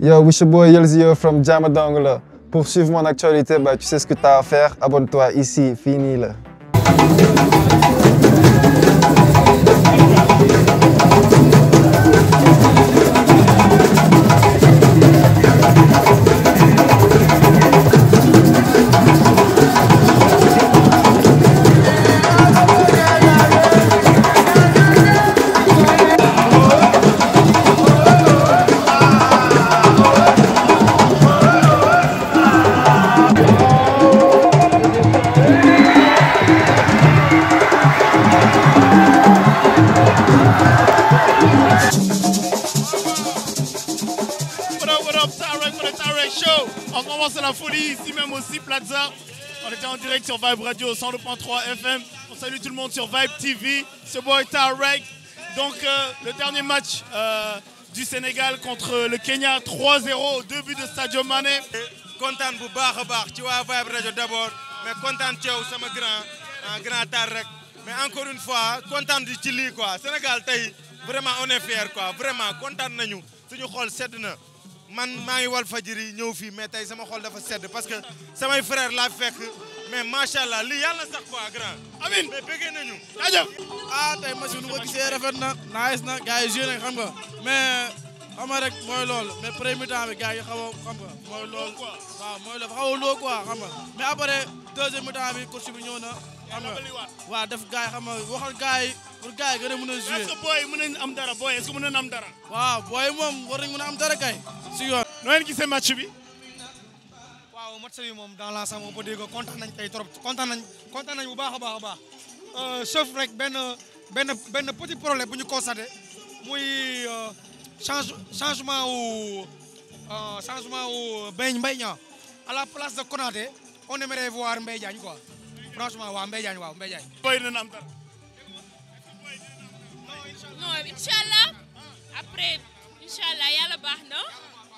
Yo, wish your boy Yelzio from Jamadongla. Pour suivre mon actualité, bah, tu sais ce que tu as à faire. Abonne-toi ici, fini là. Tarek pour le Tarek Show. On commence à la folie ici même aussi Plaza. On était en direct sur Vibe Radio 102.3 FM. On salue tout le monde sur Vibe TV. Ce boy Tarek. Donc euh, le dernier match euh, du Sénégal contre le Kenya 3-0 deux buts de Stadio Mané. Content bu vous barrer, tu ci Vibe Radio d'abord mais content de vous sama grand grand Tarek mais encore une fois content du Chili quoi Sénégal vraiment on est fiers. quoi vraiment content nañu suñu xol de man maa ngi Walfadjri ñëw fii mais tey sama xol dafa sedd parce que samay frère laa fekk mais macha allah li yàlla sax quoi grand. amin mais nañu. jaajëf ah tey match bi nu gisee rafet na nice na gars yi joué xam nga mais xam nga rek mooy lool mais premier temps bi gars yi xaw a xam nga mooy loolu. waaw mooy loolu xaw a loo quoi xam nga mais après bi coach bi ñëw na. xam nga waa def gars yi xam nga waxal gars yi pour gars yi gën a mën a joué. est ce que booy mën nañ am dara booy est ce que mën am dara. waaw booy moom war nañ mën am dara kay. ci yoon noo leen gisee match bi. waaw match bi moom dans l'ensemble on peut dire que nañ tey trop kontaan nañ kontaan bu baax a baax a baax chef rek benn benn benn petit problème bu ñu constaté muy change changement wu changement wu Mbaye Mbaye Niang à la place de Konaté on aimerait voir Mbaye Diagne quoi franchement waaw Mbaye Diagne waaw Mbaye Diagne. booy dina am dara. non après incha allah baax na.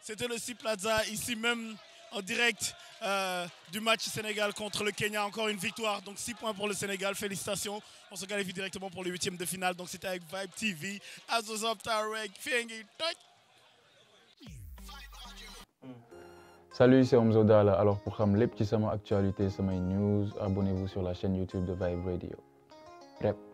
c'était le 6 Plaza ici même en direct euh, du match Sénégal contre le Kenya. Encore une victoire, donc 6 points pour le Sénégal. Félicitations. On se qualifie directement pour les huitièmes de finale. Donc c'était avec Vibe TV, Azozop Tarek, Salut, c'est Omzodala Alors pour Ham, les petits actualité, actualités, news, abonnez-vous sur la chaîne YouTube de Vibe Radio.